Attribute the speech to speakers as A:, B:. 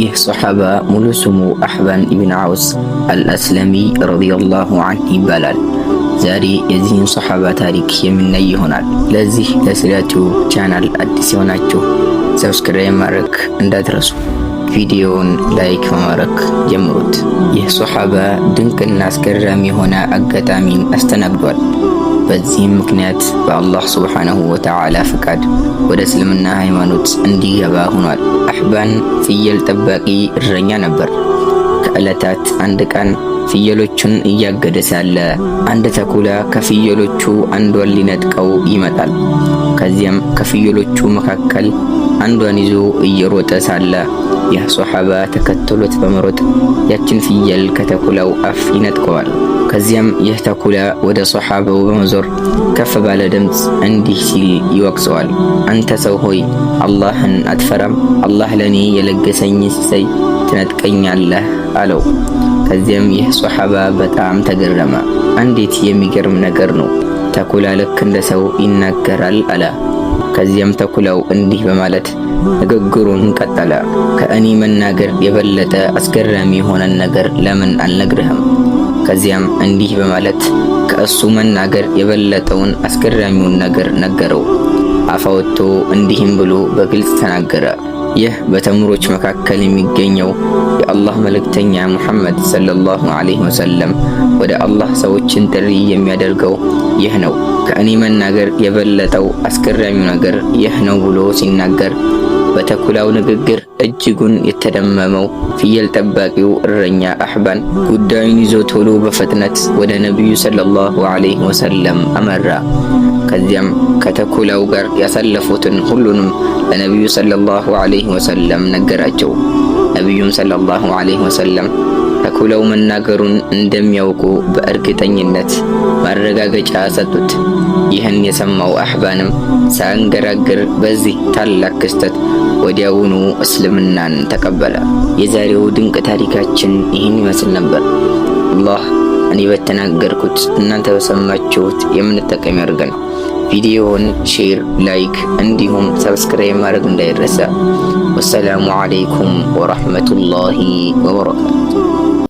A: ይህ ሰሓባ ሙሉ ስሙ አሕባን ኢብን አውስ አልአስለሚ ረዲየላሁ አንህ ይባላል። ዛሬ የዚህን ሰሓባ ታሪክ የምናይ ይሆናል። ለዚህ ለስለቱ ቻናል አዲስ የሆናችሁ ሰብስክራይብ ማድረግ እንዳትረሱ፣ ቪዲዮውን ላይክ በማድረግ ጀምሩት። ይህ ሰሓባ ድንቅና አስገራሚ የሆነ አጋጣሚን አስተናግዷል። በዚህም ምክንያት በአላህ ሱብሓነሁ ወተዓላ ፍቃድ ወደ እስልምና ሃይማኖት እንዲገባ ሆኗል። አሕባን ፍየል ጠባቂ እረኛ ነበር። ከዕለታት አንድ ቀን ፍየሎቹን እያገደ ሳለ አንድ ተኩላ ከፍየሎቹ አንዷን ሊነጥቀው ይመጣል። ከዚያም ከፍየሎቹ መካከል አንዷን ይዞ እየሮጠ ሳለ ያ ሶሐባ ተከተሎት በመሮጥ ያችን ፍየል ከተኩላው አፍ ይነጥቀዋል። ከዚያም ይህ ተኩላ ወደ ሶሐባው በመዞር ከፍ ባለ ድምፅ እንዲህ ሲል ይወቅሰዋል። አንተ ሰው ሆይ አላህን አትፈራም? አላህ ለእኔ የለገሰኝ ሲሳይ ትነጥቀኛለህ አለው። ከዚያም ይህ ሶሐባ በጣም ተገረመ። እንዴት የሚገርም ነገር ነው! ተኩላ ልክ እንደ ሰው ይናገራል አለ። ከዚያም ተኩላው እንዲህ በማለት ንግግሩን ቀጠለ። ከእኔ መናገር የበለጠ አስገራሚ የሆነን ነገር ለምን አልነግርህም? ከዚያም እንዲህ በማለት ከእሱ መናገር የበለጠውን አስገራሚውን ነገር ነገረው። አፋወጥቶ እንዲህም ብሎ በግልጽ ተናገረ። ይህ በተምሮች መካከል የሚገኘው የአላህ መልእክተኛ ሙሐመድ ሰለላሁ ዐለይሂ ወሰለም ወደ አላህ ሰዎችን ጥሪ የሚያደርገው ይህ ነው። ከእኔ መናገር የበለጠው አስገራሚው ነገር ይህ ነው ብሎ ሲናገር በተኩላው ንግግር እጅጉን የተደመመው ፍየል ጠባቂው እረኛ አሕባን ጉዳዩን ይዞ ቶሎ በፍጥነት ወደ ነቢዩ ሰለላሁ ዐለይሂ ወሰለም አመራ። ከዚያም ከተኩላው ጋር ያሳለፉትን ሁሉንም ለነቢዩ ሰለላሁ ዐለይሂ ወሰለም ነገራቸው። ነቢዩም ሰለላሁ ዐለይሂ ወሰለም ተኩላው መናገሩን እንደሚያውቁ በእርግጠኝነት ማረጋገጫ ሰጡት። ይህን የሰማው አህባንም ሳንገራግር በዚህ ታላቅ ክስተት ወዲያውኑ እስልምናን ተቀበለ። የዛሬው ድንቅ ታሪካችን ይህን ይመስል ነበር። አላህ እኔ በተናገርኩት እናንተ በሰማችሁት የምንጠቀም ያድርገን። ቪዲዮውን ሼር፣ ላይክ እንዲሁም ሰብስክራይብ ማድረግ እንዳይረሳ። ወሰላሙ አለይኩም ወራህመቱላሂ ወበረካቱ።